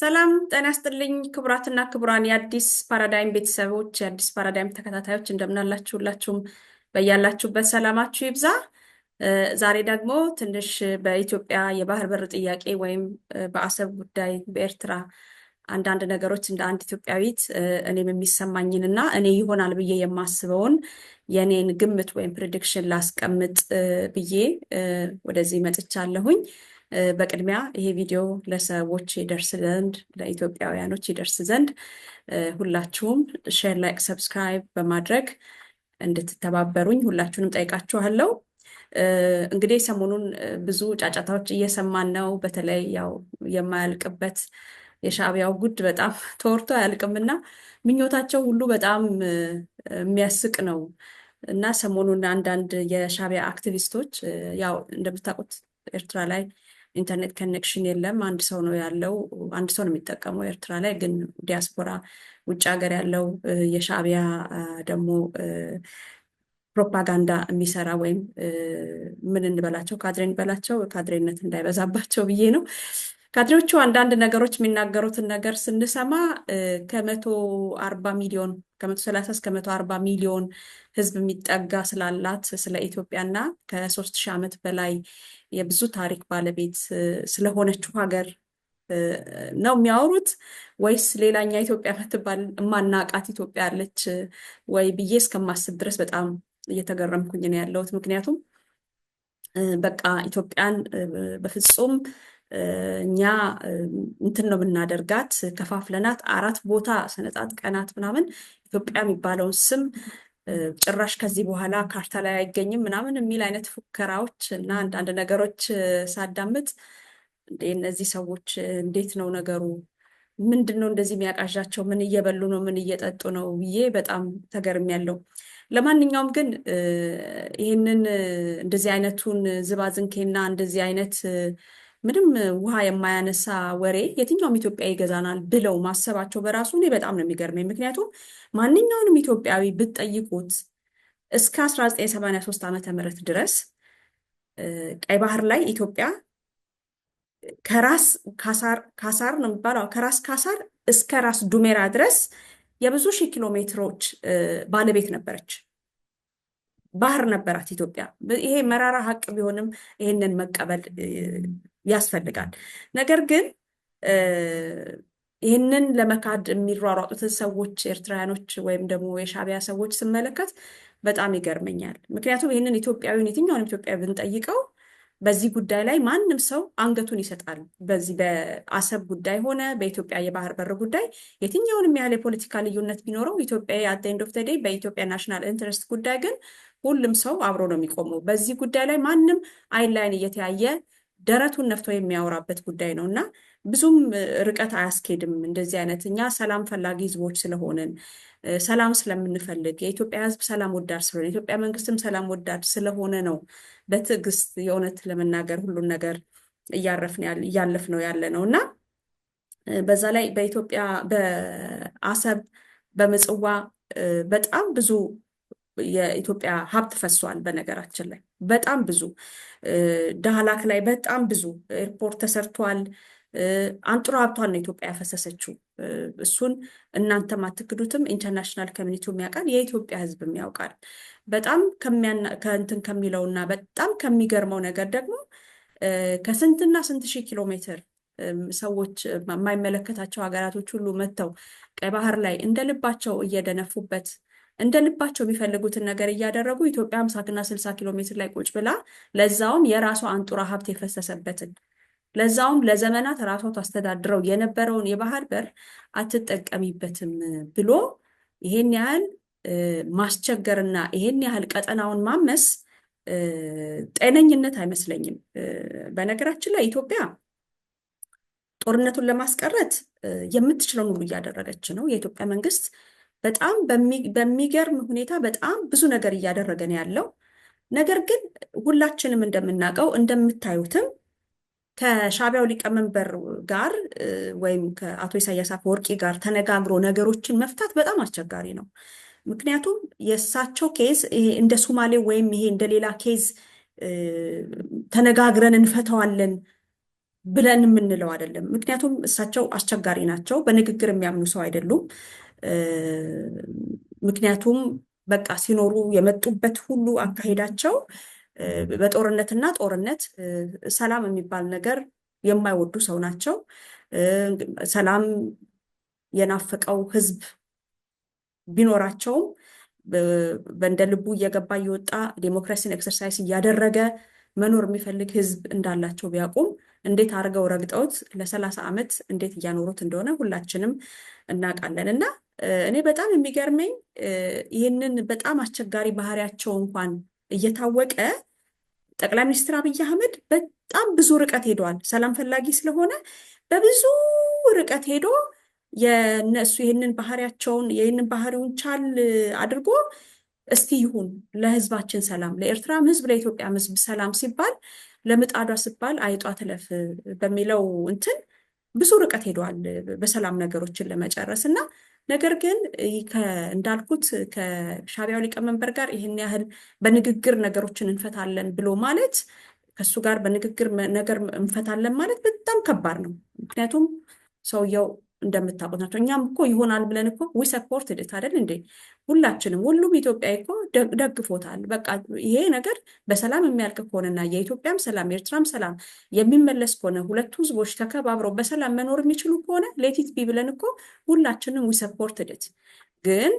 ሰላም ጤና ይስጥልኝ ክቡራትና ክቡራን የአዲስ ፓራዳይም ቤተሰቦች፣ የአዲስ ፓራዳይም ተከታታዮች እንደምናላችሁ፣ ሁላችሁም በያላችሁበት ሰላማችሁ ይብዛ። ዛሬ ደግሞ ትንሽ በኢትዮጵያ የባህር በር ጥያቄ ወይም በአሰብ ጉዳይ፣ በኤርትራ አንዳንድ ነገሮች እንደ አንድ ኢትዮጵያዊት እኔም የሚሰማኝን እና እኔ ይሆናል ብዬ የማስበውን የእኔን ግምት ወይም ፕሬዲክሽን ላስቀምጥ ብዬ ወደዚህ መጥቻለሁኝ። በቅድሚያ ይሄ ቪዲዮ ለሰዎች ይደርስ ዘንድ ለኢትዮጵያውያኖች ይደርስ ዘንድ ሁላችሁም ሼር፣ ላይክ፣ ሰብስክራይብ በማድረግ እንድትተባበሩኝ ሁላችሁንም ጠይቃችኋለሁ። እንግዲህ ሰሞኑን ብዙ ጫጫታዎች እየሰማን ነው። በተለይ ያው የማያልቅበት የሻዕቢያው ጉድ በጣም ተወርቶ አያልቅምና ምኞታቸው ሁሉ በጣም የሚያስቅ ነው እና ሰሞኑን አንዳንድ የሻዕቢያ አክቲቪስቶች ያው እንደምታውቁት ኤርትራ ላይ ኢንተርኔት ከኔክሽን የለም። አንድ ሰው ነው ያለው፣ አንድ ሰው ነው የሚጠቀመው ኤርትራ ላይ። ግን ዲያስፖራ ውጭ ሀገር ያለው የሻዕቢያ ደግሞ ፕሮፓጋንዳ የሚሰራ ወይም ምን እንበላቸው ካድሬ እንበላቸው ካድሬነት እንዳይበዛባቸው ብዬ ነው። ካድሬዎቹ አንዳንድ ነገሮች የሚናገሩትን ነገር ስንሰማ ከመቶ አርባ ሚሊዮን ከመቶ ሰላሳ እስከ መቶ አርባ ሚሊዮን ህዝብ የሚጠጋ ስላላት ስለ ኢትዮጵያና ከሶስት ሺህ ዓመት በላይ የብዙ ታሪክ ባለቤት ስለሆነችው ሀገር ነው የሚያወሩት ወይስ ሌላኛ ኢትዮጵያ ምትባል የማናቃት ኢትዮጵያ አለች ወይ ብዬ እስከማስብ ድረስ በጣም እየተገረምኩኝ ነው ያለሁት። ምክንያቱም በቃ ኢትዮጵያን በፍጹም እኛ እንትን ነው የምናደርጋት ከፋፍለናት አራት ቦታ ስነጣት ቀናት ምናምን ኢትዮጵያ የሚባለውን ስም ጭራሽ ከዚህ በኋላ ካርታ ላይ አይገኝም ምናምን የሚል አይነት ፉከራዎች እና አንዳንድ ነገሮች ሳዳምጥ እነዚህ ሰዎች እንዴት ነው ነገሩ? ምንድን ነው እንደዚህ የሚያቃዣቸው? ምን እየበሉ ነው? ምን እየጠጡ ነው ብዬ በጣም ያለው። ለማንኛውም ግን ይህንን እንደዚህ አይነቱን ዝባዝንኬና እንደዚህ አይነት ምንም ውሃ የማያነሳ ወሬ የትኛውም ኢትዮጵያ ይገዛናል ብለው ማሰባቸው በራሱ እኔ በጣም ነው የሚገርመኝ። ምክንያቱም ማንኛውንም ኢትዮጵያዊ ብትጠይቁት እስከ 1983 ዓመተ ምህረት ድረስ ቀይ ባህር ላይ ኢትዮጵያ ከራስ ካሳር ነው የሚባለው ከራስ ካሳር እስከ ራስ ዱሜራ ድረስ የብዙ ሺህ ኪሎ ሜትሮች ባለቤት ነበረች። ባህር ነበራት ኢትዮጵያ። ይሄ መራራ ሀቅ ቢሆንም ይህንን መቀበል ያስፈልጋል። ነገር ግን ይህንን ለመካድ የሚሯሯጡትን ሰዎች ኤርትራውያኖች ወይም ደግሞ የሻቢያ ሰዎች ስመለከት በጣም ይገርመኛል። ምክንያቱም ይህንን ኢትዮጵያዊን የትኛውን ኢትዮጵያዊ ብንጠይቀው በዚህ ጉዳይ ላይ ማንም ሰው አንገቱን ይሰጣል። በዚህ በአሰብ ጉዳይ ሆነ በኢትዮጵያ የባህር በር ጉዳይ የትኛውንም ያህል የፖለቲካ ልዩነት ቢኖረው ኢትዮጵያ አት ኤንድ ኦፍ ተዴይ በኢትዮጵያ ናሽናል ኢንትረስት ጉዳይ ግን ሁሉም ሰው አብሮ ነው የሚቆመው። በዚህ ጉዳይ ላይ ማንም አይን ላይን እየተያየ ደረቱን ነፍቶ የሚያወራበት ጉዳይ ነው እና ብዙም ርቀት አያስኬድም። እንደዚህ አይነት እኛ ሰላም ፈላጊ ህዝቦች ስለሆንን ሰላም ስለምንፈልግ የኢትዮጵያ ህዝብ ሰላም ወዳድ ስለሆነ የኢትዮጵያ መንግስትም ሰላም ወዳድ ስለሆነ ነው በትዕግስት የእውነት ለመናገር ሁሉን ነገር እያለፍ ነው ያለ ነው እና በዛ ላይ በኢትዮጵያ በአሰብ በምጽዋ በጣም ብዙ የኢትዮጵያ ሀብት ፈሷል። በነገራችን ላይ በጣም ብዙ ዳህላክ ላይ በጣም ብዙ ኤርፖርት ተሰርቷል። አንጡራ ሀብቷን ነው ኢትዮጵያ ያፈሰሰችው። እሱን እናንተም አትክዱትም። ኢንተርናሽናል ኮሚኒቲውም ያውቃል፣ የኢትዮጵያ ሕዝብም ያውቃል። በጣም ከእንትን እና በጣም ከሚገርመው ነገር ደግሞ ከስንትና ስንት ሺህ ኪሎ ሜትር ሰዎች የማይመለከታቸው ሀገራቶች ሁሉ መጥተው ቀይ ባህር ላይ እንደ ልባቸው እየደነፉበት እንደ ልባቸው የሚፈልጉትን ነገር እያደረጉ ኢትዮጵያ 6 ስልሳ ኪሎ ሜትር ላይ ቁጭ ብላ ለዛውም የራሷ አንጡራ ሀብት የፈሰሰበትን ለዛውም ለዘመናት ራሷ ታስተዳድረው የነበረውን የባህር በር አትጠቀሚበትም ብሎ ይሄን ያህል ማስቸገርና ይሄን ያህል ቀጠናውን ማመስ ጤነኝነት አይመስለኝም። በነገራችን ላይ ኢትዮጵያ ጦርነቱን ለማስቀረት የምትችለውን ሁሉ እያደረገች ነው። የኢትዮጵያ መንግስት በጣም በሚገርም ሁኔታ በጣም ብዙ ነገር እያደረገ ነው ያለው። ነገር ግን ሁላችንም እንደምናውቀው እንደምታዩትም ከሻቢያው ሊቀመንበር ጋር ወይም ከአቶ ኢሳያስ አፈወርቂ ጋር ተነጋግሮ ነገሮችን መፍታት በጣም አስቸጋሪ ነው። ምክንያቱም የእሳቸው ኬዝ እንደ ሱማሌ ወይም ይሄ እንደ ሌላ ኬዝ ተነጋግረን እንፈተዋለን ብለን የምንለው አይደለም። ምክንያቱም እሳቸው አስቸጋሪ ናቸው። በንግግር የሚያምኑ ሰው አይደሉም። ምክንያቱም በቃ ሲኖሩ የመጡበት ሁሉ አካሄዳቸው በጦርነትና ጦርነት ሰላም የሚባል ነገር የማይወዱ ሰው ናቸው። ሰላም የናፈቀው ህዝብ ቢኖራቸውም በእንደ ልቡ እየገባ እየወጣ ዴሞክራሲን ኤክሰርሳይዝ እያደረገ መኖር የሚፈልግ ህዝብ እንዳላቸው ቢያውቁም እንዴት አድርገው ረግጠውት ለሰላሳ ዓመት እንዴት እያኖሩት እንደሆነ ሁላችንም እናውቃለን እና እኔ በጣም የሚገርመኝ ይህንን በጣም አስቸጋሪ ባህሪያቸው እንኳን እየታወቀ ጠቅላይ ሚኒስትር አብይ አህመድ በጣም ብዙ ርቀት ሄደዋል። ሰላም ፈላጊ ስለሆነ በብዙ ርቀት ሄዶ የነሱ ይህንን ባህሪያቸውን ይህንን ባህሪውን ቻል አድርጎ እስቲ ይሁን ለህዝባችን ሰላም፣ ለኤርትራም ህዝብ ለኢትዮጵያም ህዝብ ሰላም ሲባል ለምጣዷ ሲባል አይጧ ትለፍ በሚለው እንትን ብዙ ርቀት ሄደዋል በሰላም ነገሮችን ለመጨረስ እና ነገር ግን እንዳልኩት ከሻቢያው ሊቀመንበር ጋር ይህን ያህል በንግግር ነገሮችን እንፈታለን ብሎ ማለት ከእሱ ጋር በንግግር ነገር እንፈታለን ማለት በጣም ከባድ ነው። ምክንያቱም ሰውየው እንደምታውቁት ናቸው። እኛም እኮ ይሆናል ብለን እኮ ዊ ሰፖርት ድት አይደል እንዴ? ሁላችንም ሁሉም ኢትዮጵያ እኮ ደግፎታል። በቃ ይሄ ነገር በሰላም የሚያልቅ ከሆነና የኢትዮጵያም ሰላም የኤርትራም ሰላም የሚመለስ ከሆነ ሁለቱ ህዝቦች ተከባብረው በሰላም መኖር የሚችሉ ከሆነ ሌቲት ቢ ብለን እኮ ሁላችንም ዊ ሰፖርት ድት ግን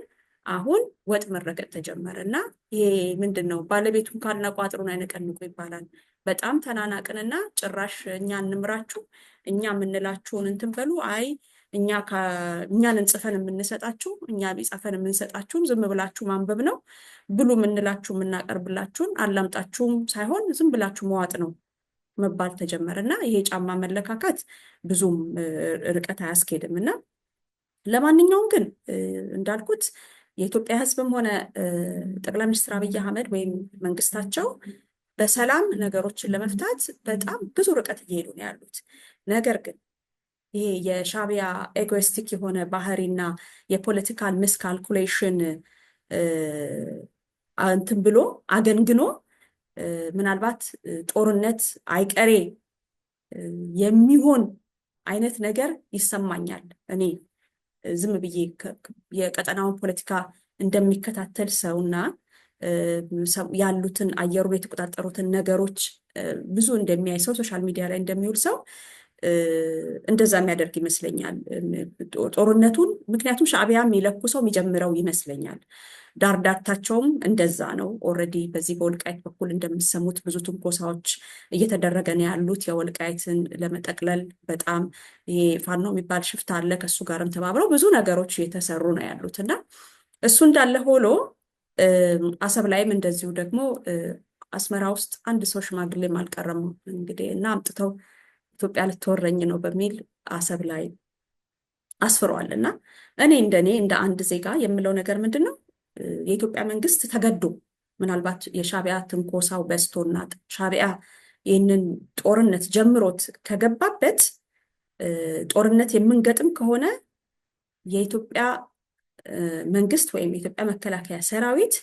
አሁን ወጥ መረገጥ ተጀመረ እና ይሄ ምንድን ነው ባለቤቱን ካናቋጥሩን አይነቀንቁ ይባላል። በጣም ተናናቅንና ጭራሽ እኛ እንምራችሁ እኛ የምንላችሁን እንትን በሉ አይ እኛ እኛንን ጽፈን የምንሰጣችሁ እኛ ጽፈን የምንሰጣችሁም ዝም ብላችሁ ማንበብ ነው ብሉ የምንላችሁ የምናቀርብላችሁን አላምጣችሁም ሳይሆን ዝም ብላችሁ መዋጥ ነው መባል ተጀመረ እና ይሄ ጫማ መለካካት ብዙም ርቀት አያስኬድም እና ለማንኛውም ግን እንዳልኩት የኢትዮጵያ ሕዝብም ሆነ ጠቅላይ ሚኒስትር አብይ አህመድ ወይም መንግስታቸው በሰላም ነገሮችን ለመፍታት በጣም ብዙ ርቀት እየሄዱ ነው ያሉት ነገር ግን ይሄ የሻቢያ ኤጎይስቲክ የሆነ ባህሪና የፖለቲካል ምስ ካልኩሌሽን እንትን ብሎ አገንግኖ ምናልባት ጦርነት አይቀሬ የሚሆን አይነት ነገር ይሰማኛል። እኔ ዝም ብዬ የቀጠናውን ፖለቲካ እንደሚከታተል ሰውና ያሉትን አየሩን የተቆጣጠሩትን ነገሮች ብዙ እንደሚያይ ሰው ሶሻል ሚዲያ ላይ እንደሚውል ሰው እንደዛ የሚያደርግ ይመስለኛል ጦርነቱን። ምክንያቱም ሻዕቢያ የሚለኩሰው የሚጀምረው ይመስለኛል። ዳርዳርታቸውም እንደዛ ነው። ኦልሬዲ በዚህ በወልቃይት በኩል እንደምሰሙት ብዙ ትንኮሳዎች እየተደረገ ነው ያሉት። የወልቃይትን ለመጠቅለል በጣም ይሄ ፋኖ የሚባል ሽፍታ አለ። ከእሱ ጋርም ተባብረው ብዙ ነገሮች እየተሰሩ ነው ያሉት እና እሱ እንዳለ ሆኖ አሰብ ላይም እንደዚሁ ደግሞ አስመራ ውስጥ አንድ ሰው ሽማግሌም አልቀረም እንግዲህ እና አምጥተው ኢትዮጵያ ልትወረኝ ነው በሚል አሰብ ላይ አስፍሯል። እና እኔ እንደኔ እንደ አንድ ዜጋ የምለው ነገር ምንድን ነው የኢትዮጵያ መንግስት ተገዶ ምናልባት የሻቢያ ትንኮሳው በስቶና ሻቢያ ይህንን ጦርነት ጀምሮት ከገባበት ጦርነት የምንገጥም ከሆነ የኢትዮጵያ መንግስት ወይም የኢትዮጵያ መከላከያ ሰራዊት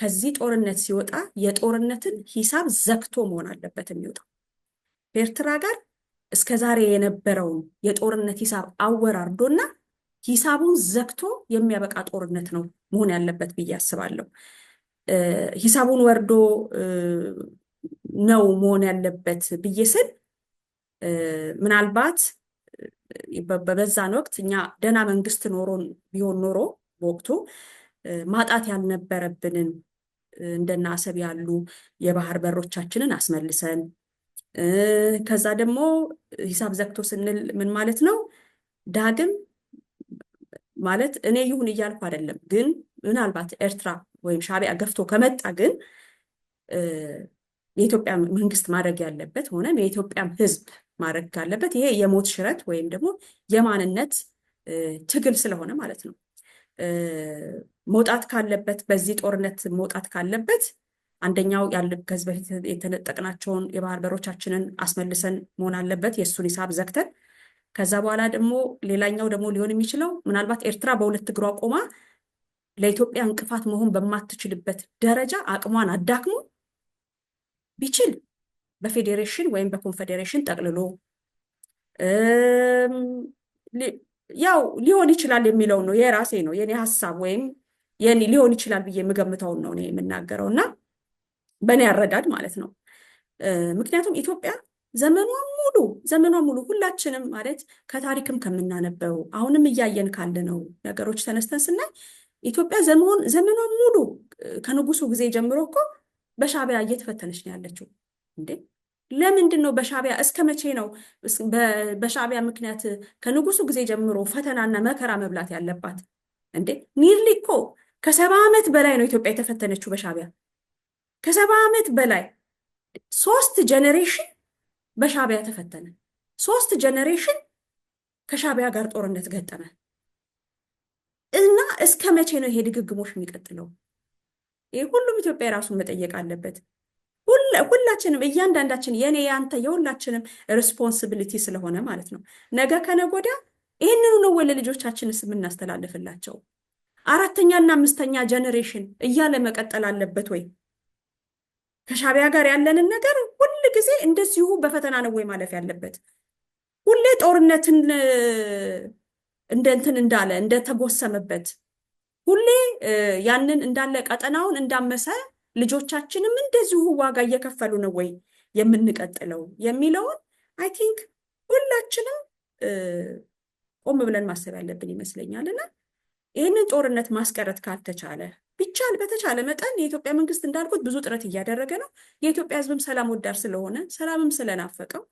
ከዚህ ጦርነት ሲወጣ የጦርነትን ሂሳብ ዘግቶ መሆን አለበት የሚወጣው። በኤርትራ ጋር እስከ ዛሬ የነበረውን የጦርነት ሂሳብ አወራርዶና ሂሳቡን ዘግቶ የሚያበቃ ጦርነት ነው መሆን ያለበት ብዬ አስባለሁ። ሂሳቡን ወርዶ ነው መሆን ያለበት ብዬ ስል ምናልባት በዛን ወቅት እኛ ደህና መንግስት ኖሮን ቢሆን ኖሮ በወቅቱ ማጣት ያልነበረብንን እንደና አሰብ ያሉ የባህር በሮቻችንን አስመልሰን ከዛ ደግሞ ሂሳብ ዘግቶ ስንል ምን ማለት ነው? ዳግም ማለት እኔ ይሁን እያልኩ አይደለም፣ ግን ምናልባት ኤርትራ ወይም ሻቢያ ገፍቶ ከመጣ ግን የኢትዮጵያ መንግስት ማድረግ ያለበት ሆነም የኢትዮጵያም ህዝብ ማድረግ ካለበት ይሄ የሞት ሽረት ወይም ደግሞ የማንነት ትግል ስለሆነ ማለት ነው። መውጣት ካለበት በዚህ ጦርነት መውጣት ካለበት አንደኛው ከዚህ በፊት የተነጠቅናቸውን የባህር በሮቻችንን አስመልሰን መሆን አለበት፣ የእሱን ሂሳብ ዘግተን። ከዛ በኋላ ደግሞ ሌላኛው ደግሞ ሊሆን የሚችለው ምናልባት ኤርትራ በሁለት እግሯ ቆማ ለኢትዮጵያ እንቅፋት መሆን በማትችልበት ደረጃ አቅሟን አዳክሞ ቢችል በፌዴሬሽን ወይም በኮንፌዴሬሽን ጠቅልሎ ያው ሊሆን ይችላል የሚለው ነው። የራሴ ነው የኔ ሀሳብ ወይም የኔ ሊሆን ይችላል ብዬ የምገምተውን ነው እኔ የምናገረው እና በእኔ አረዳድ ማለት ነው። ምክንያቱም ኢትዮጵያ ዘመኗ ሙሉ ዘመኗ ሙሉ ሁላችንም ማለት ከታሪክም ከምናነበው አሁንም እያየን ካለነው ነገሮች ተነስተን ስናይ ኢትዮጵያ ዘመኗ ሙሉ ከንጉሱ ጊዜ ጀምሮ እኮ በሻቢያ እየተፈተነች ነው ያለችው። እንዴ ለምንድን ነው በሻቢያ እስከ መቼ ነው በሻቢያ ምክንያት ከንጉሱ ጊዜ ጀምሮ ፈተናና መከራ መብላት ያለባት? እንዴ ኒርሊ እኮ ከሰባ ዓመት በላይ ነው ኢትዮጵያ የተፈተነችው በሻቢያ? ከሰባ ዓመት በላይ ሶስት ጀኔሬሽን በሻቢያ ተፈተነ። ሶስት ጀኔሬሽን ከሻቢያ ጋር ጦርነት ገጠመ እና እስከ መቼ ነው ይሄ ድግግሞሽ የሚቀጥለው? ይህ ሁሉም ኢትዮጵያ የራሱን መጠየቅ አለበት። ሁላችንም እያንዳንዳችን የኔ የአንተ የሁላችንም ሪስፖንሲቢሊቲ ስለሆነ ማለት ነው። ነገ ከነጎዳ ይህንኑ ነው ወይ ለልጆቻችንስ የምናስተላልፍላቸው? አራተኛና አምስተኛ ጀኔሬሽን እያለ መቀጠል አለበት ወይ? ከሻቢያ ጋር ያለንን ነገር ሁል ጊዜ እንደዚሁ በፈተና ነው ወይ ማለፍ ያለበት? ሁሌ ጦርነትን እንደ እንትን እንዳለ እንደተጎሰመበት ሁሌ ያንን እንዳለ ቀጠናውን እንዳመሰ ልጆቻችንም እንደዚሁ ዋጋ እየከፈሉ ነው ወይ የምንቀጥለው የሚለውን አይ ቲንክ ሁላችንም ቆም ብለን ማሰብ ያለብን ይመስለኛል። እና ይህንን ጦርነት ማስቀረት ካልተቻለ ቢቻል በተቻለ መጠን የኢትዮጵያ መንግስት እንዳልኩት ብዙ ጥረት እያደረገ ነው። የኢትዮጵያ ህዝብም ሰላም ወዳድ ስለሆነ ሰላምም ስለናፈቀው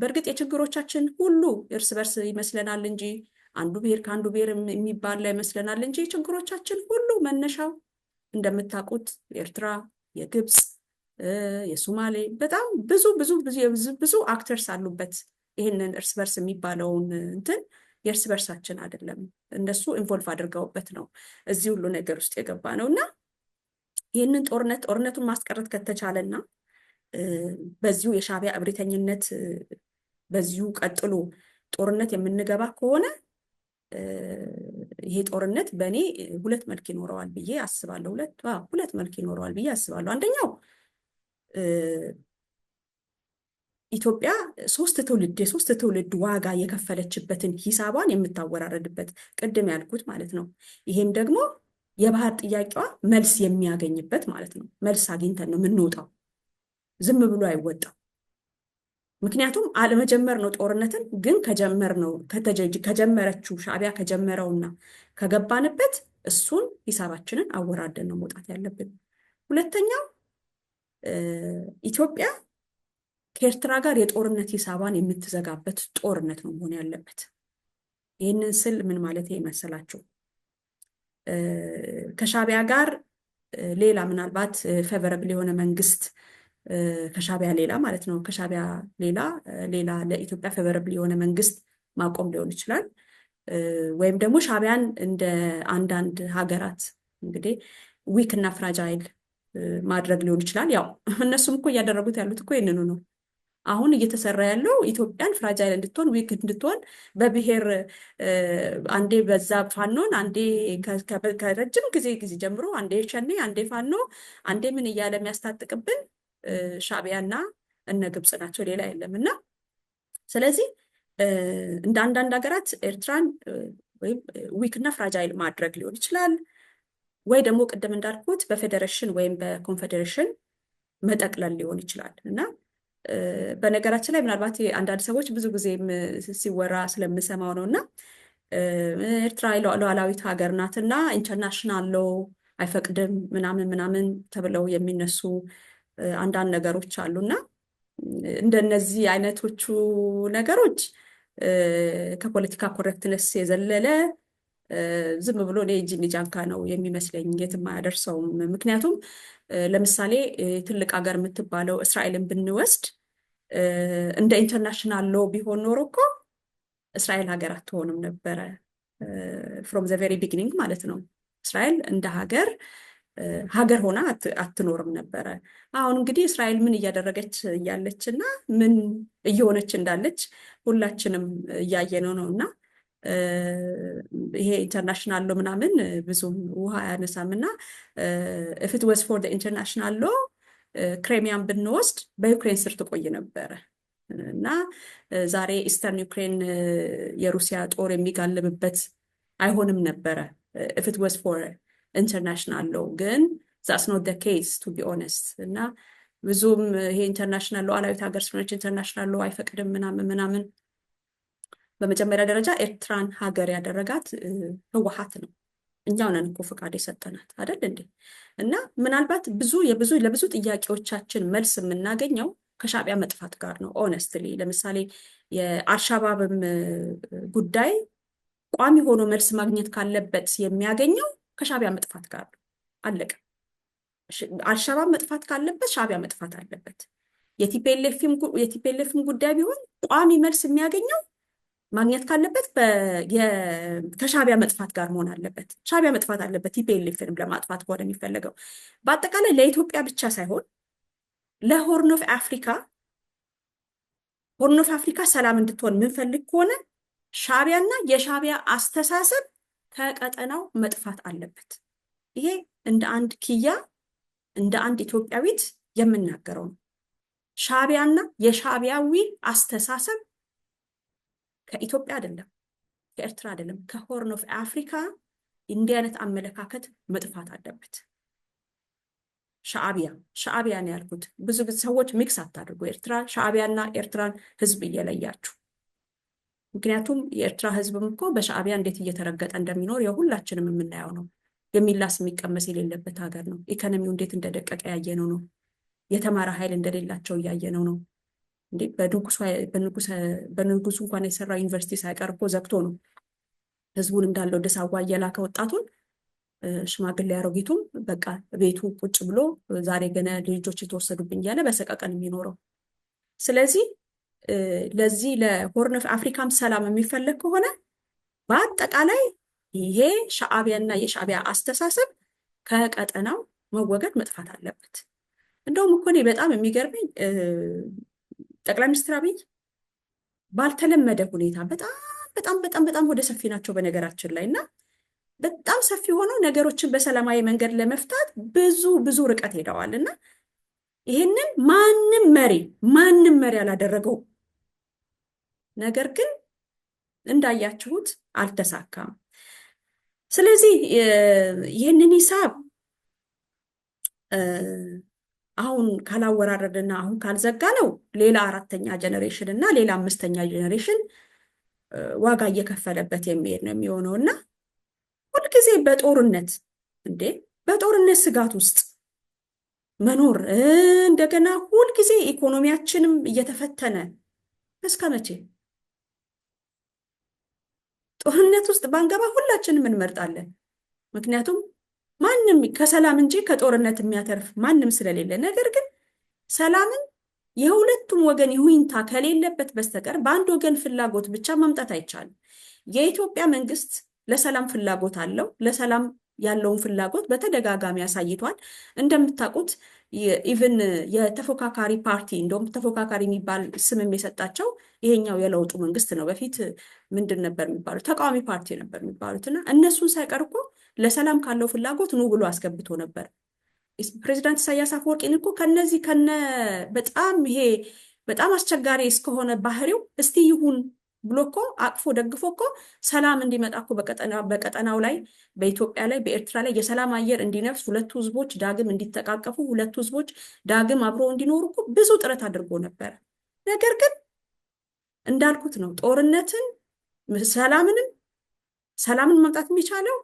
በእርግጥ የችግሮቻችን ሁሉ እርስ በርስ ይመስለናል እንጂ አንዱ ብሔር ከአንዱ ብሔር የሚባል ይመስለናል እንጂ ችግሮቻችን ሁሉ መነሻው እንደምታውቁት የኤርትራ፣ የግብፅ፣ የሱማሌ በጣም ብዙ ብዙ ብዙ አክተርስ አሉበት ይህንን እርስ በርስ የሚባለውን እንትን የእርስ በርሳችን አይደለም፣ እነሱ ኢንቮልቭ አድርገውበት ነው እዚህ ሁሉ ነገር ውስጥ የገባ ነው እና ይህንን ጦርነት ጦርነቱን ማስቀረት ከተቻለና በዚሁ የሻቢያ እብሪተኝነት በዚሁ ቀጥሎ ጦርነት የምንገባ ከሆነ ይሄ ጦርነት በእኔ ሁለት መልክ ይኖረዋል ብዬ አስባለሁ። ሁለት መልክ ይኖረዋል ብዬ አስባለሁ። አንደኛው ኢትዮጵያ ሶስት ትውልድ የሶስት ትውልድ ዋጋ የከፈለችበትን ሂሳቧን የምታወራረድበት ቅድም ያልኩት ማለት ነው። ይሄም ደግሞ የባህር ጥያቄዋ መልስ የሚያገኝበት ማለት ነው። መልስ አግኝተን ነው የምንወጣው፣ ዝም ብሎ አይወጣም። ምክንያቱም አለመጀመር ነው ጦርነትን። ግን ከጀመር ነው ከጀመረችው ሻዕቢያ ከጀመረውና ከገባንበት እሱን ሂሳባችንን አወራደን ነው መውጣት ያለብን። ሁለተኛው ኢትዮጵያ ከኤርትራ ጋር የጦርነት ሂሳቧን የምትዘጋበት ጦርነት ነው መሆን ያለበት። ይህንን ስል ምን ማለት ይመስላችሁ? ከሻቢያ ጋር ሌላ ምናልባት ፌቨረብል የሆነ መንግስት ከሻቢያ ሌላ ማለት ነው ከሻቢያ ሌላ ሌላ ለኢትዮጵያ ፌቨረብል የሆነ መንግስት ማቆም ሊሆን ይችላል። ወይም ደግሞ ሻቢያን እንደ አንዳንድ ሀገራት እንግዲህ ዊክ እና ፍራጃይል ማድረግ ሊሆን ይችላል። ያው እነሱም እኮ እያደረጉት ያሉት እኮ ይህንኑ ነው። አሁን እየተሰራ ያለው ኢትዮጵያን ፍራጃይል እንድትሆን ዊክ እንድትሆን በብሔር አንዴ በዛ ፋኖን አንዴ ከረጅም ጊዜ ጊዜ ጀምሮ አንዴ ሸኔ አንዴ ፋኖ አንዴ ምን እያለ የሚያስታጥቅብን ሻቢያና እነ ግብፅ ናቸው። ሌላ የለም እና ስለዚህ እንደ አንዳንድ ሀገራት ኤርትራን ወይም ዊክና ፍራጃይል ማድረግ ሊሆን ይችላል ወይ ደግሞ ቅድም እንዳልኩት በፌዴሬሽን ወይም በኮንፌዴሬሽን መጠቅለል ሊሆን ይችላል እና በነገራችን ላይ ምናልባት አንዳንድ ሰዎች ብዙ ጊዜም ሲወራ ስለምሰማው ነው እና ኤርትራ ሉዓላዊት ሀገር ናት እና ኢንተርናሽናል ሎ አይፈቅድም ምናምን ምናምን ተብለው የሚነሱ አንዳንድ ነገሮች አሉ እና እንደነዚህ አይነቶቹ ነገሮች ከፖለቲካ ኮረክትነስ የዘለለ ዝም ብሎ እኔ እጅን ጃንካ ነው የሚመስለኝ፣ የትም አያደርሰውም። ምክንያቱም ለምሳሌ ትልቅ ሀገር የምትባለው እስራኤልን ብንወስድ እንደ ኢንተርናሽናል ሎ ቢሆን ኖሮ እኮ እስራኤል ሀገር አትሆንም ነበረ። ፍሮም ዘ ቢግኒንግ ማለት ነው። እስራኤል እንደ ሀገር ሀገር ሆና አትኖርም ነበረ። አሁን እንግዲህ እስራኤል ምን እያደረገች እያለች እና ምን እየሆነች እንዳለች ሁላችንም እያየነው ነው እና ይሄ ኢንተርናሽናል ሎ ምናምን ብዙም ውሃ አያነሳም እና ኢፍት ወዝ ፎር ኢንተርናሽናል ሎ ክሬሚያን ብንወስድ በዩክሬን ስር ትቆይ ነበረ እና ዛሬ ኢስተርን ዩክሬን የሩሲያ ጦር የሚጋልብበት አይሆንም ነበረ ኢፍት ወዝ ፎር ኢንተርናሽናል ሎ ግን ዛስ ኖት ኬስ ቱ ቢ ኦነስት እና ብዙም ይሄ ኢንተርናሽናል ሎ አላዊት ሀገር ስለሆነች ኢንተርናሽናል ሎ አይፈቅድም ምናምን ምናምን በመጀመሪያ ደረጃ ኤርትራን ሀገር ያደረጋት ህወሀት ነው። እኛው ነን እኮ ፈቃድ የሰጠናት አደል እንዴ? እና ምናልባት ብዙ የብዙ ለብዙ ጥያቄዎቻችን መልስ የምናገኘው ከሻዕቢያ መጥፋት ጋር ነው። ኦነስትሊ ለምሳሌ የአልሻባብም ጉዳይ ቋሚ ሆኖ መልስ ማግኘት ካለበት የሚያገኘው ከሻዕቢያ መጥፋት ጋር ነው። አለቀ። አልሻባብ መጥፋት ካለበት ሻዕቢያ መጥፋት አለበት። የቲፒኤልኤፍም ጉዳይ ቢሆን ቋሚ መልስ የሚያገኘው ማግኘት ካለበት ከሻቢያ መጥፋት ጋር መሆን አለበት። ሻቢያ መጥፋት አለበት፣ ቲፒኤልኤፍንም ለማጥፋት ከሆነ የሚፈለገው በአጠቃላይ ለኢትዮጵያ ብቻ ሳይሆን ለሆርን ኦፍ አፍሪካ ሆርን ኦፍ አፍሪካ ሰላም እንድትሆን የምንፈልግ ከሆነ ሻቢያና የሻቢያ አስተሳሰብ ከቀጠናው መጥፋት አለበት። ይሄ እንደ አንድ ኪያ እንደ አንድ ኢትዮጵያዊት የምናገረው ነው። ሻቢያና የሻቢያዊ አስተሳሰብ ከኢትዮጵያ አይደለም፣ ከኤርትራ አይደለም፣ ከሆርን ኦፍ አፍሪካ እንዲህ አይነት አመለካከት መጥፋት አለበት። ሻዕቢያ ሻዕቢያ ነው ያልኩት። ብዙ ጊዜ ሰዎች ሚክስ አታድርጉ፣ ኤርትራ ሻዕቢያና ኤርትራን ህዝብ እየለያችሁ። ምክንያቱም የኤርትራ ህዝብም እኮ በሻዕቢያ እንዴት እየተረገጠ እንደሚኖር የሁላችንም የምናየው ነው። የሚላስ የሚቀመስ የሌለበት ሀገር ነው። ኢኮኖሚው እንዴት እንደደቀቀ ያየነው ነው። የተማረ ኃይል እንደሌላቸው እያየነው ነው። እንዴ በንጉሱ እንኳን የሰራው ዩኒቨርሲቲ ሳይቀር እኮ ዘግቶ ነው ህዝቡን እንዳለው ደሳዋ እየላከ ወጣቱን ሽማግሌ አሮጊቱም በቃ ቤቱ ቁጭ ብሎ ዛሬ ገና ልጆች የተወሰዱብኝ እያለ በሰቀቀን የሚኖረው። ስለዚህ ለዚህ ለሆርን ኦፍ አፍሪካም ሰላም የሚፈለግ ከሆነ በአጠቃላይ ይሄ ሻዕቢያና የሻዕቢያ አስተሳሰብ ከቀጠናው መወገድ መጥፋት አለበት። እንደውም እኮ እኔ በጣም የሚገርመኝ ጠቅላይ ሚኒስትር አብይ ባልተለመደ ሁኔታ በጣም በጣም በጣም በጣም ወደ ሰፊ ናቸው በነገራችን ላይ እና በጣም ሰፊ ሆነው ነገሮችን በሰላማዊ መንገድ ለመፍታት ብዙ ብዙ ርቀት ሄደዋል እና ይህንን ማንም መሪ ማንም መሪ አላደረገው። ነገር ግን እንዳያችሁት አልተሳካም። ስለዚህ ይህንን ሂሳብ አሁን ካላወራረድና አሁን ካልዘጋ ነው ሌላ አራተኛ ጀኔሬሽን እና ሌላ አምስተኛ ጀኔሬሽን ዋጋ እየከፈለበት የሚሄድ ነው የሚሆነው እና ሁልጊዜ በጦርነት እንዴ በጦርነት ስጋት ውስጥ መኖር እንደገና ሁልጊዜ ኢኮኖሚያችንም እየተፈተነ እስከ መቼ ጦርነት ውስጥ ባንገባ ሁላችንም እንመርጣለን። ምክንያቱም ማንም ከሰላም እንጂ ከጦርነት የሚያተርፍ ማንም ስለሌለ፣ ነገር ግን ሰላምን የሁለቱም ወገን ይሁንታ ከሌለበት በስተቀር በአንድ ወገን ፍላጎት ብቻ ማምጣት አይቻልም። የኢትዮጵያ መንግስት ለሰላም ፍላጎት አለው። ለሰላም ያለውን ፍላጎት በተደጋጋሚ አሳይቷል። እንደምታውቁት ኢቭን የተፎካካሪ ፓርቲ እንደውም ተፎካካሪ የሚባል ስምም የሰጣቸው ይሄኛው የለውጡ መንግስት ነው። በፊት ምንድን ነበር የሚባሉት? ተቃዋሚ ፓርቲ ነበር የሚባሉት እና እነሱን ሳይቀር እኮ ለሰላም ካለው ፍላጎት ኑ ብሎ አስገብቶ ነበር። ፕሬዚዳንት ኢሳያስ አፈወርቂን እኮ ከነዚህ ከነ በጣም ይሄ በጣም አስቸጋሪ እስከሆነ ባህሪው እስቲ ይሁን ብሎ እኮ አቅፎ ደግፎ እኮ ሰላም እንዲመጣ እኮ በቀጠናው ላይ በኢትዮጵያ ላይ በኤርትራ ላይ የሰላም አየር እንዲነፍስ ሁለቱ ህዝቦች ዳግም እንዲተቃቀፉ ሁለቱ ህዝቦች ዳግም አብሮ እንዲኖሩ እኮ ብዙ ጥረት አድርጎ ነበር። ነገር ግን እንዳልኩት ነው ጦርነትን ሰላምንም ሰላምን ማምጣት የሚቻለው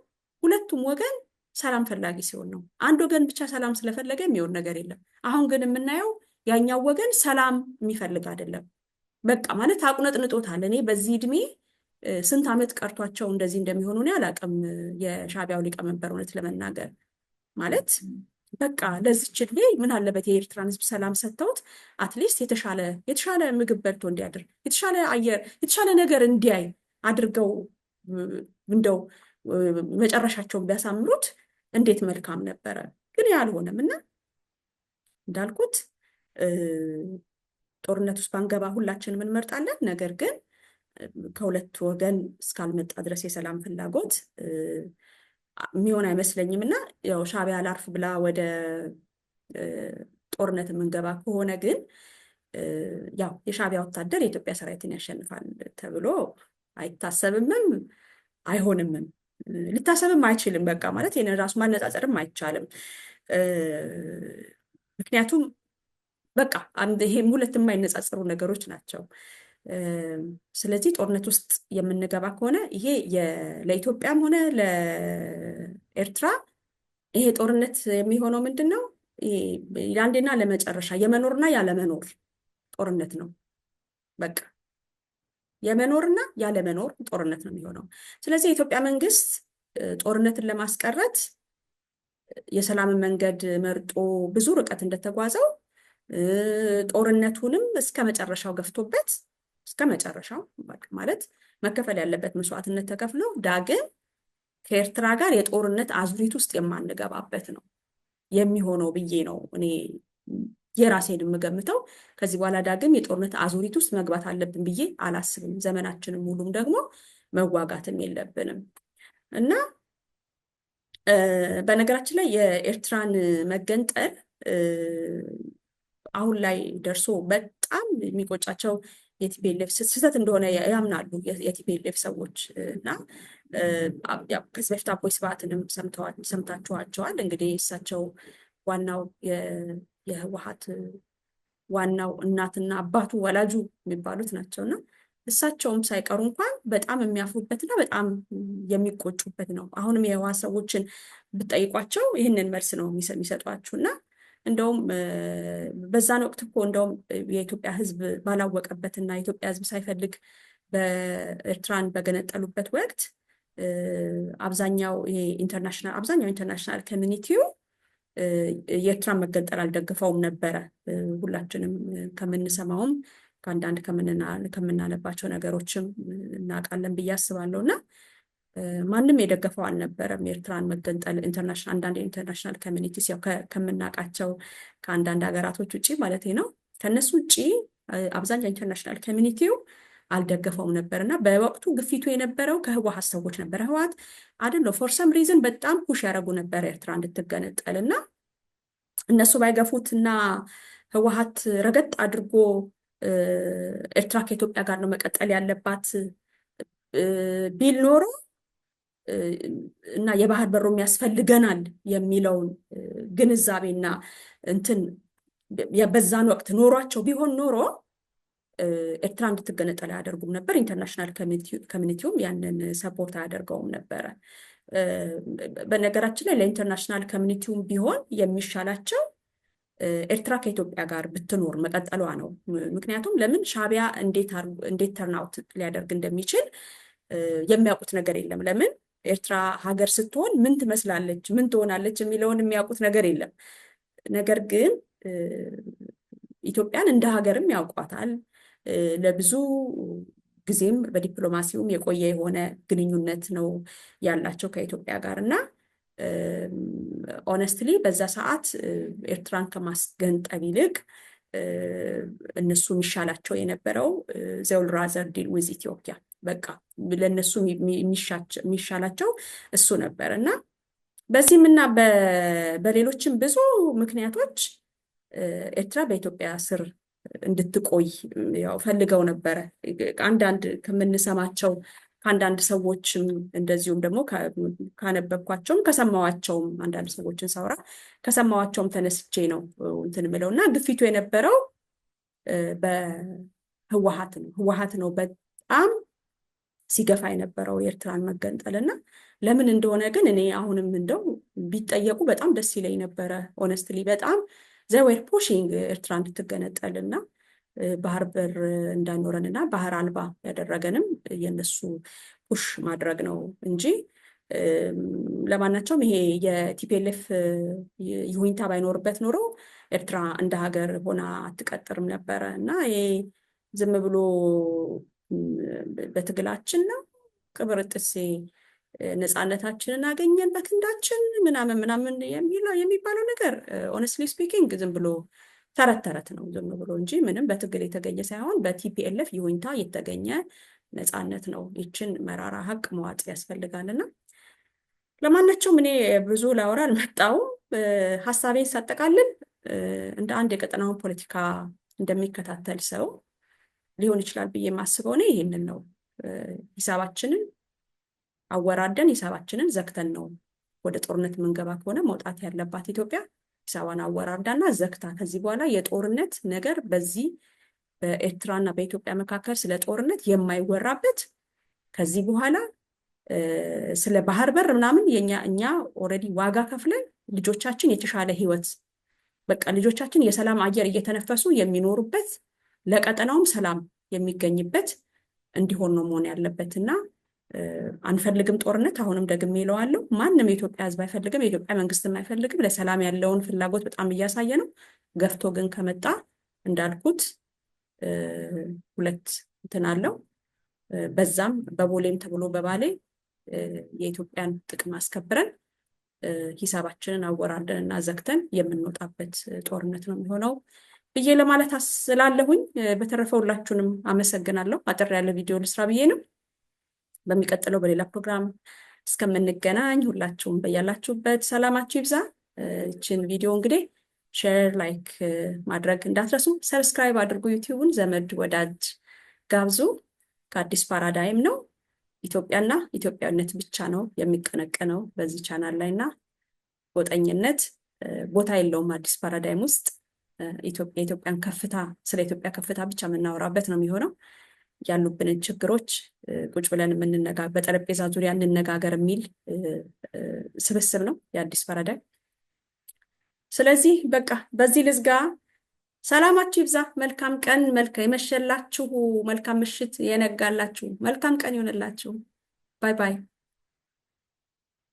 ሁለቱም ወገን ሰላም ፈላጊ ሲሆን ነው። አንድ ወገን ብቻ ሰላም ስለፈለገ የሚሆን ነገር የለም። አሁን ግን የምናየው ያኛው ወገን ሰላም የሚፈልግ አይደለም። በቃ ማለት አቁነጥንጦታል። እኔ በዚህ እድሜ ስንት ዓመት ቀርቷቸው እንደዚህ እንደሚሆኑ እኔ አላቅም። የሻቢያው ሊቀመንበር እውነት ለመናገር ማለት በቃ ለዚች እድሜ ምን አለበት የኤርትራን ሕዝብ ሰላም ሰጥተውት አትሊስት የተሻለ የተሻለ ምግብ በልቶ እንዲያድር የተሻለ አየር የተሻለ ነገር እንዲያይ አድርገው እንደው መጨረሻቸውን ቢያሳምሩት እንዴት መልካም ነበረ። ግን ያልሆነም እና እንዳልኩት ጦርነት ውስጥ ባንገባ ሁላችንም እንመርጣለን። ነገር ግን ከሁለት ወገን እስካልመጣ ድረስ የሰላም ፍላጎት የሚሆን አይመስለኝም እና ያው ሻቢያ ላርፍ ብላ ወደ ጦርነት የምንገባ ከሆነ ግን ያው የሻቢያ ወታደር የኢትዮጵያ ሰራዊትን ያሸንፋል ተብሎ አይታሰብምም አይሆንምም። ልታሰብም አይችልም። በቃ ማለት ይህንን ራሱ ማነጻጸርም አይቻልም። ምክንያቱም በቃ ይሄም ሁለት የማይነጻጸሩ ነገሮች ናቸው። ስለዚህ ጦርነት ውስጥ የምንገባ ከሆነ ይሄ ለኢትዮጵያም ሆነ ለኤርትራ ይሄ ጦርነት የሚሆነው ምንድን ነው? ለአንዴና ለመጨረሻ የመኖርና ያለመኖር ጦርነት ነው በቃ የመኖርና ያለመኖር ጦርነት ነው የሚሆነው። ስለዚህ የኢትዮጵያ መንግስት ጦርነትን ለማስቀረት የሰላምን መንገድ መርጦ ብዙ ርቀት እንደተጓዘው ጦርነቱንም እስከ መጨረሻው ገፍቶበት እስከ መጨረሻው ማለት መከፈል ያለበት መስዋዕትነት ተከፍሎ ዳግም ከኤርትራ ጋር የጦርነት አዙሪት ውስጥ የማንገባበት ነው የሚሆነው ብዬ ነው እኔ የራሴን የምገምተው ከዚህ በኋላ ዳግም የጦርነት አዙሪት ውስጥ መግባት አለብን ብዬ አላስብም። ዘመናችንም ሙሉም ደግሞ መዋጋትም የለብንም እና በነገራችን ላይ የኤርትራን መገንጠል አሁን ላይ ደርሶ በጣም የሚቆጫቸው የቲፒኤልኤፍ ስህተት እንደሆነ ያምናሉ የቲፒኤልኤፍ ሰዎች እና ከዚህ በፊት አቦይ ስብዓትንም ሰምታችኋቸዋል። እንግዲህ እሳቸው ዋናው የህወሀት ዋናው እናትና አባቱ ወላጁ የሚባሉት ናቸውና እሳቸውም ሳይቀሩ እንኳን በጣም የሚያፍሩበትና በጣም የሚቆጩበት ነው። አሁንም የህወሀት ሰዎችን ብጠይቋቸው ይህንን መልስ ነው የሚሰጧችሁ እና እንደውም በዛን ወቅት እኮ እንደውም የኢትዮጵያ ህዝብ ባላወቀበትና የኢትዮጵያ ህዝብ ሳይፈልግ በኤርትራን በገነጠሉበት ወቅት አብዛኛው ኢንተርናሽናል አብዛኛው ኢንተርናሽናል ኮሚኒቲው የኤርትራን መገንጠል አልደግፈውም ነበረ። ሁላችንም ከምንሰማውም ከአንዳንድ ከምናነባቸው ነገሮችም እናውቃለን ብዬ አስባለሁ እና ማንም የደገፈው አልነበረም የኤርትራን መገንጠል። ኢንተርናሽናል አንዳንድ ኢንተርናሽናል ኮሚኒቲስ ያው ከምናውቃቸው ከአንዳንድ ሀገራቶች ውጭ ማለት ነው ከእነሱ ውጭ አብዛኛው ኢንተርናሽናል ኮሚኒቲው አልደገፈውም ነበር እና በወቅቱ ግፊቱ የነበረው ከህወሀት ሰዎች ነበር። ህወሀት አይደለም ፎር ሪዝን በጣም ኩሽ ያደረጉ ነበር ኤርትራ እንድትገነጠል እና እነሱ ባይገፉት እና ህወሀት ረገጥ አድርጎ ኤርትራ ከኢትዮጵያ ጋር ነው መቀጠል ያለባት ቢል ኖሮ እና የባህር በሮም ያስፈልገናል የሚለውን ግንዛቤና እንትን በዛን ወቅት ኖሯቸው ቢሆን ኖሮ ኤርትራ እንድትገነጠል አያደርጉም ነበር። ኢንተርናሽናል ኮሚኒቲውም ያንን ሰፖርት አያደርገውም ነበረ። በነገራችን ላይ ለኢንተርናሽናል ኮሚኒቲውም ቢሆን የሚሻላቸው ኤርትራ ከኢትዮጵያ ጋር ብትኖር መቀጠሏ ነው። ምክንያቱም ለምን ሻቢያ እንዴት ተርናውት ሊያደርግ እንደሚችል የሚያውቁት ነገር የለም። ለምን ኤርትራ ሀገር ስትሆን ምን ትመስላለች፣ ምን ትሆናለች የሚለውን የሚያውቁት ነገር የለም። ነገር ግን ኢትዮጵያን እንደ ሀገርም ያውቋታል ለብዙ ጊዜም በዲፕሎማሲውም የቆየ የሆነ ግንኙነት ነው ያላቸው ከኢትዮጵያ ጋር እና ኦነስትሊ በዛ ሰዓት ኤርትራን ከማስገንጠብ ይልቅ እነሱ የሚሻላቸው የነበረው ዘውል ራዘር ዲል ዊዝ ኢትዮጵያ በቃ ለእነሱ የሚሻላቸው እሱ ነበር እና በዚህም እና በሌሎችም ብዙ ምክንያቶች ኤርትራ በኢትዮጵያ ስር እንድትቆይ ያው ፈልገው ነበረ። አንዳንድ ከምንሰማቸው ከአንዳንድ ሰዎችም እንደዚሁም ደግሞ ካነበብኳቸውም ከሰማዋቸውም አንዳንድ ሰዎችን ሳውራ ከሰማዋቸውም ተነስቼ ነው እንትን ምለው እና ግፊቱ የነበረው በህወሀት ነው። ህወሀት ነው በጣም ሲገፋ የነበረው የኤርትራን መገንጠልና ለምን እንደሆነ ግን እኔ አሁንም እንደው ቢጠየቁ በጣም ደስ ይለኝ ነበረ ኦነስትሊ በጣም ዘዌር ፑሽንግ ኤርትራ እንድትገነጠልና ባህር በር እንዳይኖረን ና ባህር አልባ ያደረገንም የነሱ ፑሽ ማድረግ ነው እንጂ ለማናቸውም ይሄ የቲፒኤልኤፍ ይሁኝታ ባይኖርበት ኖሮ ኤርትራ እንደ ሀገር ሆና አትቀጥርም ነበረ እና ይሄ ዝም ብሎ በትግላችን ነው ቅብር ጥሴ ነፃነታችንን አገኘን በክንዳችን ምናምን ምናምን የሚባለው ነገር ኦነስትሊ ስፒኪንግ ዝም ብሎ ተረት ተረት ነው ዝም ብሎ እንጂ ምንም በትግል የተገኘ ሳይሆን በቲፒኤልኤፍ ይሁኝታ የተገኘ ነፃነት ነው። ይችን መራራ ሀቅ መዋጥ ያስፈልጋልና ለማናቸውም እኔ ብዙ ላወራ አልመጣውም። ሀሳቤን ሳጠቃልል እንደ አንድ የቀጠናውን ፖለቲካ እንደሚከታተል ሰው ሊሆን ይችላል ብዬ የማስበው እኔ ይህንን ነው ሂሳባችንን አወራደን ሂሳባችንን ዘግተን ነው ወደ ጦርነት የምንገባ ከሆነ መውጣት ያለባት ኢትዮጵያ ሂሳቧን አወራርዳና ዘግታ ከዚህ በኋላ የጦርነት ነገር በዚህ በኤርትራና በኢትዮጵያ መካከል ስለ ጦርነት የማይወራበት ከዚህ በኋላ ስለ ባህር በር ምናምን የኛ እኛ ኦልሬዲ ዋጋ ከፍለን ልጆቻችን የተሻለ ህይወት በቃ ልጆቻችን የሰላም አየር እየተነፈሱ የሚኖሩበት ለቀጠናውም ሰላም የሚገኝበት እንዲሆን ነው መሆን ያለበት እና አንፈልግም ጦርነት። አሁንም ደግሜ እለዋለሁ፣ ማንም የኢትዮጵያ ህዝብ አይፈልግም፣ የኢትዮጵያ መንግስትም አይፈልግም። ለሰላም ያለውን ፍላጎት በጣም እያሳየ ነው። ገፍቶ ግን ከመጣ እንዳልኩት ሁለት እንትን አለው። በዛም በቦሌም ተብሎ በባሌ የኢትዮጵያን ጥቅም አስከብረን ሂሳባችንን አወራርደን እና ዘግተን የምንወጣበት ጦርነት ነው የሚሆነው ብዬ ለማለት ስላለሁኝ፣ በተረፈ ሁላችሁንም አመሰግናለሁ። አጠር ያለ ቪዲዮ ልስራ ብዬ ነው። በሚቀጥለው በሌላ ፕሮግራም እስከምንገናኝ ሁላችሁም በያላችሁበት ሰላማችሁ ይብዛ። ይችን ቪዲዮ እንግዲህ ሼር፣ ላይክ ማድረግ እንዳትረሱ። ሰብስክራይብ አድርጉ ዩቲዩቡን። ዘመድ ወዳጅ ጋብዙ። ከአዲስ ፓራዳይም ነው። ኢትዮጵያና ኢትዮጵያዊነት ብቻ ነው የሚቀነቀነው በዚህ ቻናል ላይ እና ጎጠኝነት ቦታ የለውም። አዲስ ፓራዳይም ውስጥ የኢትዮጵያን ከፍታ ስለ ኢትዮጵያ ከፍታ ብቻ የምናወራበት ነው የሚሆነው። ያሉብንን ችግሮች ቁጭ ብለን የምንነጋ በጠረጴዛ ዙሪያ እንነጋገር የሚል ስብስብ ነው የአዲስ ፓራዳይም። ስለዚህ በቃ በዚህ ልዝጋ። ሰላማችሁ ይብዛ። መልካም ቀን፣ የመሸላችሁ መልካም ምሽት፣ የነጋላችሁ መልካም ቀን ይሆንላችሁ። ባይ ባይ።